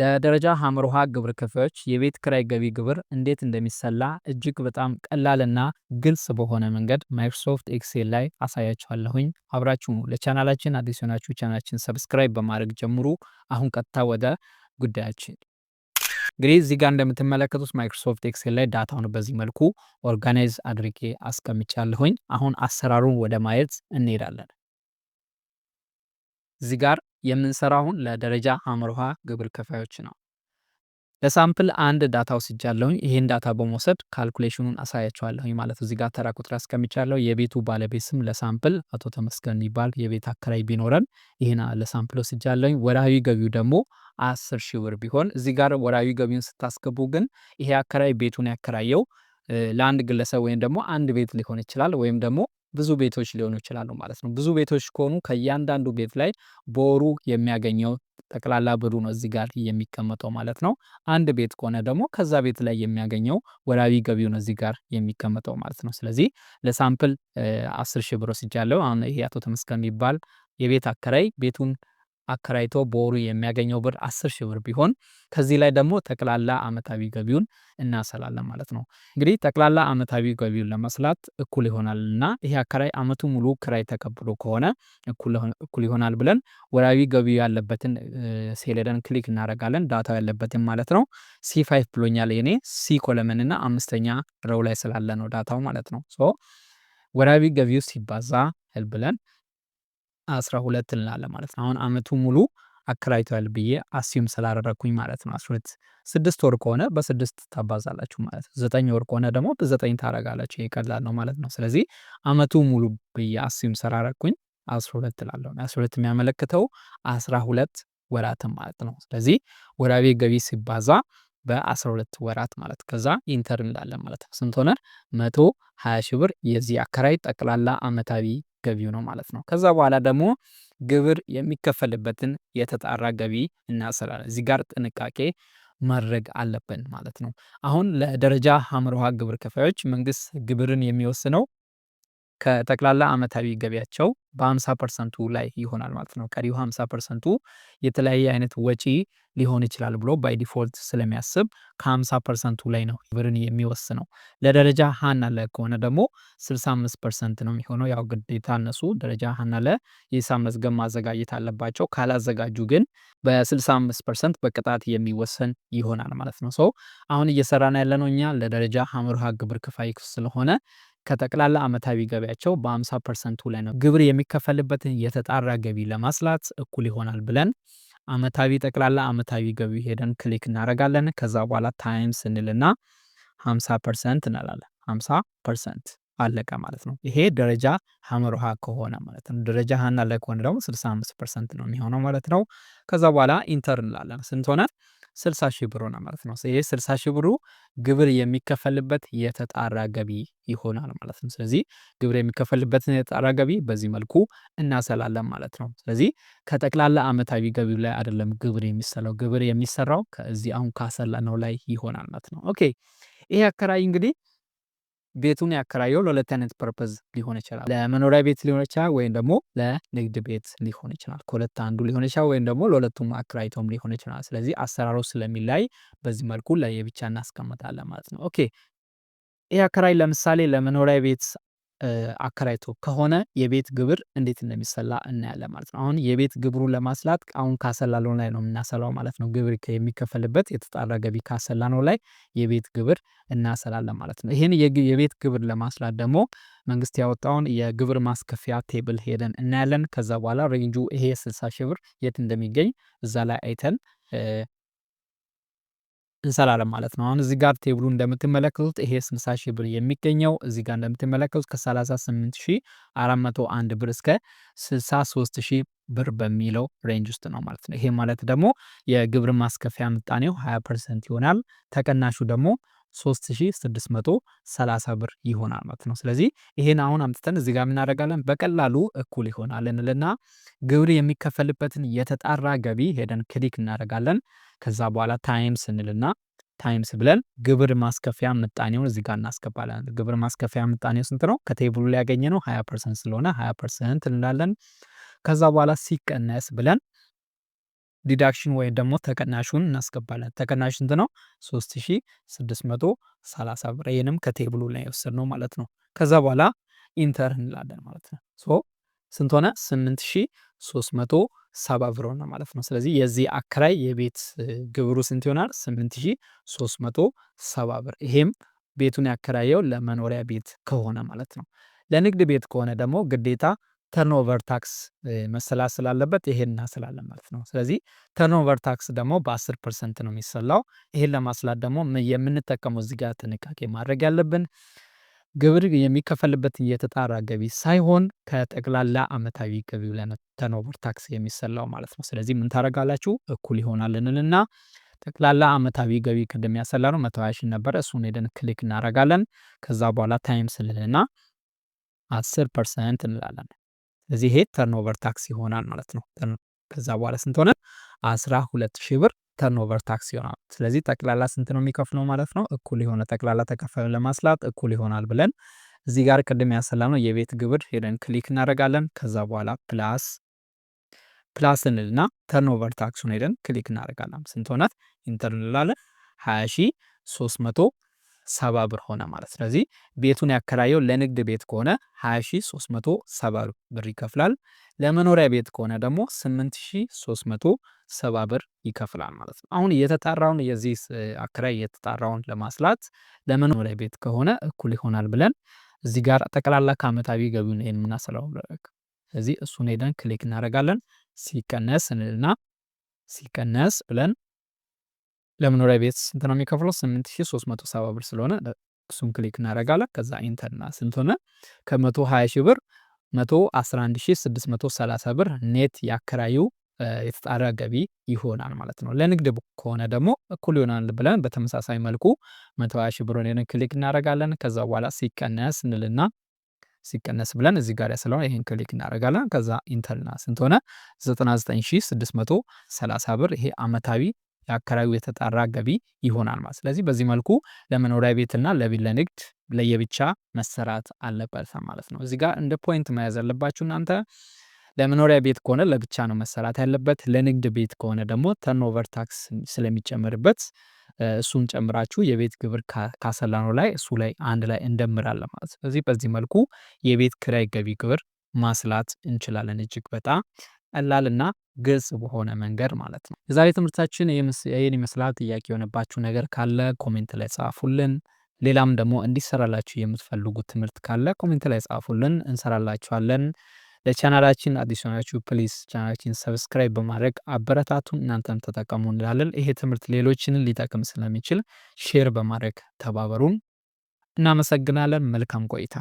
ለደረጃ ሐምሮሃ ግብር ከፋዮች የቤት ክራይ ገቢ ግብር እንዴት እንደሚሰላ እጅግ በጣም ቀላልና ግልጽ በሆነ መንገድ ማይክሮሶፍት ኤክሴል ላይ አሳያችኋለሁኝ። አብራችሁ ለቻናላችን አዲስ የሆናችሁ ቻናላችን ሰብስክራይብ በማድረግ ጀምሩ። አሁን ቀጥታ ወደ ጉዳያችን። እንግዲህ እዚህ ጋር እንደምትመለከቱት ማይክሮሶፍት ኤክሴል ላይ ዳታውን በዚህ መልኩ ኦርጋናይዝ አድርጌ አስቀምጫለሁኝ። አሁን አሰራሩን ወደ ማየት እንሄዳለን። እዚህ ጋር የምንሰራ አሁን ለደረጃ አምርሃ ግብር ከፋዮች ነው። ለሳምፕል አንድ ዳታ ወስጃለሁኝ። ይህን ዳታ በመውሰድ ካልኩሌሽኑን አሳያቸዋለሁኝ ማለት እዚህ ጋር ተራ ቁጥር አስቀምጫለሁ። የቤቱ ባለቤት ስም ለሳምፕል አቶ ተመስገን የሚባል የቤት አከራይ ቢኖረን ይህን ለሳምፕል ወስጃለሁኝ። ወርሃዊ ገቢው ደግሞ አስር ሺህ ብር ቢሆን እዚህ ጋር ወርሃዊ ገቢውን ስታስገቡ ግን ይሄ አከራይ ቤቱን ያከራየው ለአንድ ግለሰብ ወይም ደግሞ አንድ ቤት ሊሆን ይችላል ወይም ደግሞ ብዙ ቤቶች ሊሆኑ ይችላሉ ማለት ነው። ብዙ ቤቶች ከሆኑ ከእያንዳንዱ ቤት ላይ በወሩ የሚያገኘው ጠቅላላ ብሩ ነው እዚህ ጋር የሚቀመጠው ማለት ነው። አንድ ቤት ከሆነ ደግሞ ከዛ ቤት ላይ የሚያገኘው ወራዊ ገቢው ነው እዚህ ጋር የሚቀመጠው ማለት ነው። ስለዚህ ለሳምፕል አስር ሺህ ብር ወስጃለሁ። አሁን ይሄ አቶ ተመስገን የሚባል የቤት አከራይ ቤቱን አከራይቶ በወሩ የሚያገኘው ብር 10 ሺህ ብር ቢሆን ከዚህ ላይ ደግሞ ጠቅላላ አመታዊ ገቢውን እናሰላለን ማለት ነው። እንግዲህ ጠቅላላ አመታዊ ገቢውን ለመስላት እኩል ይሆናል እና ይሄ አከራይ አመቱ ሙሉ ክራይ ተቀብሎ ከሆነ እኩል ይሆናል ብለን ወራዊ ገቢ ያለበትን ሴሌደን ክሊክ እናደርጋለን። ዳታው ያለበትን ማለት ነው። ሲ ፋይቭ ብሎኛል የኔ ሲ ኮለመንና አምስተኛ ረው ላይ ስላለ ነው ዳታው ማለት ነው። ወራዊ ገቢው ሲባዛ ብለን አስራ ሁለት እንላለን ማለት ነው። አሁን አመቱ ሙሉ አከራይቷል ብዬ አስዩም ስላደረግኩኝ ማለት ነው። አስራ ሁለት ስድስት ወር ከሆነ በስድስት ታባዛላችሁ ማለት ነው። ዘጠኝ ወር ከሆነ ደግሞ በዘጠኝ ታረጋላችሁ። ይሄ ቀላል ነው ማለት ነው። ስለዚህ አመቱ ሙሉ ብዬ አስዩም ስላደረግኩኝ አስራ ሁለት እላለሁ። አስራ ሁለት የሚያመለክተው አስራ ሁለት ወራትን ማለት ነው። ስለዚህ ወራዊ ገቢ ሲባዛ በ12 ወራት ማለት ከዛ ኢንተር እንላለን ማለት ነው። ስንት ሆነ? መቶ 20 ሺህ ብር የዚህ አከራይ ጠቅላላ አመታዊ ገቢው ነው ማለት ነው። ከዛ በኋላ ደግሞ ግብር የሚከፈልበትን የተጣራ ገቢ እናሰራለን። እዚህ ጋር ጥንቃቄ ማድረግ አለብን ማለት ነው። አሁን ለደረጃ ውሃ ግብር ከፋዮች መንግስት ግብርን የሚወስነው ከጠቅላላ አመታዊ ገቢያቸው በ50 ፐርሰንቱ ላይ ይሆናል ማለት ነው። ቀሪው 50 ፐርሰንቱ የተለያየ አይነት ወጪ ሊሆን ይችላል ብሎ ባይ ዲፎልት ስለሚያስብ ከ50 ፐርሰንቱ ላይ ነው ግብርን የሚወስነው። ለደረጃ ሀና ለ ከሆነ ደግሞ 65 ፐርሰንት ነው የሚሆነው። ያው ግዴታ እነሱ ደረጃ ሀና ለ የሂሳብ መዝገብ ማዘጋጀት አለባቸው። ካላዘጋጁ ግን በ65 ፐርሰንት በቅጣት የሚወሰን ይሆናል ማለት ነው። ሰው አሁን እየሰራን ያለነው እኛ ለደረጃ ሀምርሃ ግብር ክፋይ ስለሆነ ከጠቅላላ ዓመታዊ ገቢያቸው በ50 ፐርሰንቱ ላይ ነው ግብር የሚከፈልበትን የተጣራ ገቢ ለማስላት እኩል ይሆናል ብለን ዓመታዊ ጠቅላላ ዓመታዊ ገቢ ሄደን ክሊክ እናደርጋለን። ከዛ በኋላ ታይም ስንልና 50 ፐርሰንት እንላለን። 50 ፐርሰንት አለቀ ማለት ነው። ይሄ ደረጃ ሀመርሃ ከሆነ ማለት ነው። ደረጃ ሀና ላይ ከሆነ ደግሞ 65 ፐርሰንት ነው የሚሆነው ማለት ነው። ከዛ በኋላ ኢንተር እንላለን። ስንት ሆነ? ስልሳ ሺህ ብሩ ነው ማለት ነው። ይህ ስልሳ ሺህ ብሩ ግብር የሚከፈልበት የተጣራ ገቢ ይሆናል ማለት ነው። ስለዚህ ግብር የሚከፈልበትን የተጣራ ገቢ በዚህ መልኩ እናሰላለን ማለት ነው። ስለዚህ ከጠቅላላ አመታዊ ገቢው ላይ አይደለም ግብር የሚሰላው፣ ግብር የሚሰራው ከዚህ አሁን ካሰላነው ላይ ይሆናል ማለት ነው። ኦኬ ይሄ አከራይ እንግዲህ ቤቱን ያከራየው ለሁለት አይነት ፐርፐዝ ሊሆን ይችላል። ለመኖሪያ ቤት ሊሆን ይችላል፣ ወይም ደግሞ ለንግድ ቤት ሊሆን ይችላል። ከሁለት አንዱ ሊሆን ይችላል፣ ወይም ደግሞ ለሁለቱም አከራይቶም ሊሆን ይችላል። ስለዚህ አሰራሩ ስለሚላይ በዚህ መልኩ ለየብቻ እናስቀምጣለን ማለት ነው። ኦኬ ይህ አከራይ ለምሳሌ ለመኖሪያ ቤት አከራይቶ ከሆነ የቤት ግብር እንዴት እንደሚሰላ እናያለን ማለት ነው። አሁን የቤት ግብሩን ለማስላት አሁን ካሰላ ሎን ላይ ነው የምናሰላው ማለት ነው። ግብር የሚከፈልበት የተጣራ ገቢ ካሰላ ነው ላይ የቤት ግብር እናሰላለን ማለት ነው። ይህን የቤት ግብር ለማስላት ደግሞ መንግስት ያወጣውን የግብር ማስከፊያ ቴብል ሄደን እናያለን። ከዛ በኋላ ሬንጁ ይሄ 60 ሺህ ብር የት እንደሚገኝ እዛ ላይ አይተን እንሰላለን ማለት ነው። አሁን እዚህ ጋር ቴብሉ እንደምትመለከቱት ይሄ 60 ሺህ ብር የሚገኘው እዚህ ጋር እንደምትመለከቱት ከ38401 ብር እስከ 63 ሺህ ብር በሚለው ሬንጅ ውስጥ ነው ማለት ነው። ይሄ ማለት ደግሞ የግብር ማስከፊያ ምጣኔው 20 ፐርሰንት ይሆናል። ተቀናሹ ደግሞ 3630 ብር ይሆናል ማለት ነው። ስለዚህ ይሄን አሁን አምጥተን እዚህ ጋር እናደርጋለን በቀላሉ እኩል ይሆናልን ልና ግብር የሚከፈልበትን የተጣራ ገቢ ሄደን ክሊክ እናደርጋለን። ከዛ በኋላ ታይምስ እንልና ታይምስ ብለን ግብር ማስከፊያ ምጣኔውን እዚህ ጋር እናስገባለን። ግብር ማስከፊያ ምጣኔው ስንት ነው? ከቴብሉ ላይ ያገኘ ነው 20 ፐርሰንት ስለሆነ 20 ፐርሰንት እንላለን። ከዛ በኋላ ሲቀነስ ብለን ዲዳክሽን ወይም ደግሞ ተቀናሹን እናስገባለን። ተቀናሽ ስንት ነው? 3630 ብር። ይህንም ከቴብሉ ላይ ነው ማለት ነው። ከዛ በኋላ ኢንተር እንላለን ማለት ነው። ስንት ሆነ? 8370 ብር ሆነ ማለት ነው። ስለዚህ የዚህ አከራይ የቤት ግብሩ ስንት ይሆናል? 8370 ብር። ይሄም ቤቱን ያከራየው ለመኖሪያ ቤት ከሆነ ማለት ነው። ለንግድ ቤት ከሆነ ደግሞ ግዴታ ተርኖቨር ታክስ መሰላት ስላለበት ይሄን እናስላለን ማለት ነው። ስለዚህ ተርኖቨር ታክስ ደግሞ በ10 ፐርሰንት ነው የሚሰላው። ይሄን ለማስላት ደግሞ የምንጠቀመው እዚህ ጋር ጥንቃቄ ማድረግ ያለብን ግብር የሚከፈልበት የተጣራ ገቢ ሳይሆን ከጠቅላላ አመታዊ ገቢ ላይ ተርኖቨር ታክስ የሚሰላው ማለት ነው። ስለዚህ ምን ታረጋላችሁ? እኩል ይሆናልንና ጠቅላላ አመታዊ ገቢ ቅድም ያሰላ ነው መቶ ሺህ ነበረ። እሱን ሄደን ክሊክ እናረጋለን። ከዛ በኋላ ታይም ስልልና 10 ፐርሰንት እንላለን። ስለዚህ ይሄ ተርንኦቨር ታክስ ይሆናል ማለት ነው። ከዛ በኋላ ስንት ሆነ? አስራ ሁለት ሺህ ብር ተርንኦቨር ታክስ ይሆናል። ስለዚህ ጠቅላላ ስንት ነው የሚከፍለው ማለት ነው? እኩል የሆነ ጠቅላላ ተከፋዩ ለማስላት እኩል ይሆናል ብለን እዚህ ጋር ቅድም ያሰላ ነው የቤት ግብር ሄደን ክሊክ እናደርጋለን። ከዛ በኋላ ፕላስ ፕላስ እንልና ተርንኦቨር ታክሱን ሄደን ክሊክ እናደርጋለን። ስንት ሆነት ኢንተር እንላለን 20 ሺህ 300 ሰባ ብር ሆነ ማለት። ስለዚህ ቤቱን ያከራየው ለንግድ ቤት ከሆነ 20370 ብር ይከፍላል። ለመኖሪያ ቤት ከሆነ ደግሞ 8370 ብር ይከፍላል ማለት ነው። አሁን የተጣራውን የዚህ አከራይ የተጣራውን ለማስላት ለመኖሪያ ቤት ከሆነ እኩል ይሆናል ብለን እዚህ ጋር ጠቅላላ ከዓመታዊ ገቢውን የምናሰላው ስለዚህ እሱን ሄደን ክሊክ እናደርጋለን። ሲቀነስ እንልና ሲቀነስ ብለን ለመኖሪያ ቤት ስንት ነው የሚከፍለው? ስምንት ሺህ ሶስት መቶ ሰባ ብር ስለሆነ እሱን ክሊክ እናደርጋለን። ከዛ ኢንተርና ስንት ሆነ? ከመቶ ሀያ ሺህ ብር መቶ አስራ ሺ ስድስት መቶ ሰላሳ ብር ኔት ያከራዩ የተጣራ ገቢ ይሆናል ማለት ነው። ለንግድ ከሆነ ደግሞ እኩል ይሆናል ብለን በተመሳሳይ መልኩ መቶ ሀያ ሺህ ብር ክሊክ እናደርጋለን። ከዛ በኋላ ሲቀነስ እንልና ሲቀነስ ብለን እዚህ ጋር ስለሆነ ይህን ክሊክ እናደርጋለን። ከዛ ኢንተርና ስንት ሆነ? 99630 ብር ይሄ አመታዊ የአከራዩ የተጣራ ገቢ ይሆናል ማለት። ስለዚህ በዚህ መልኩ ለመኖሪያ ቤትና ለቤት ለንግድ ለየብቻ መሰራት አለበት ማለት ነው። እዚህ ጋር እንደ ፖይንት መያዝ ያለባችሁ እናንተ ለመኖሪያ ቤት ከሆነ ለብቻ ነው መሰራት ያለበት። ለንግድ ቤት ከሆነ ደግሞ ተርኖቨር ታክስ ስለሚጨምርበት እሱን ጨምራችሁ የቤት ግብር ካሰላነው ላይ እሱ ላይ አንድ ላይ እንደምራለን ማለት። ስለዚህ በዚህ መልኩ የቤት ክራይ ገቢ ግብር ማስላት እንችላለን። እጅግ በጣም ቀላልና ግልጽ በሆነ መንገድ ማለት ነው። የዛሬ ትምህርታችን ይህን ይመስላል። ጥያቄ የሆነባችሁ ነገር ካለ ኮሜንት ላይ ጻፉልን። ሌላም ደግሞ እንዲሰራላችሁ የምትፈልጉት ትምህርት ካለ ኮሜንት ላይ ጻፉልን፣ እንሰራላችኋለን። ለቻናላችን አዲስ ሆናችሁ ቻናላችን ሰብስክራይብ በማድረግ አበረታቱን፣ እናንተም ተጠቀሙ እንላለን። ይሄ ትምህርት ሌሎችንን ሊጠቅም ስለሚችል ሼር በማድረግ ተባበሩን። እናመሰግናለን። መልካም ቆይታ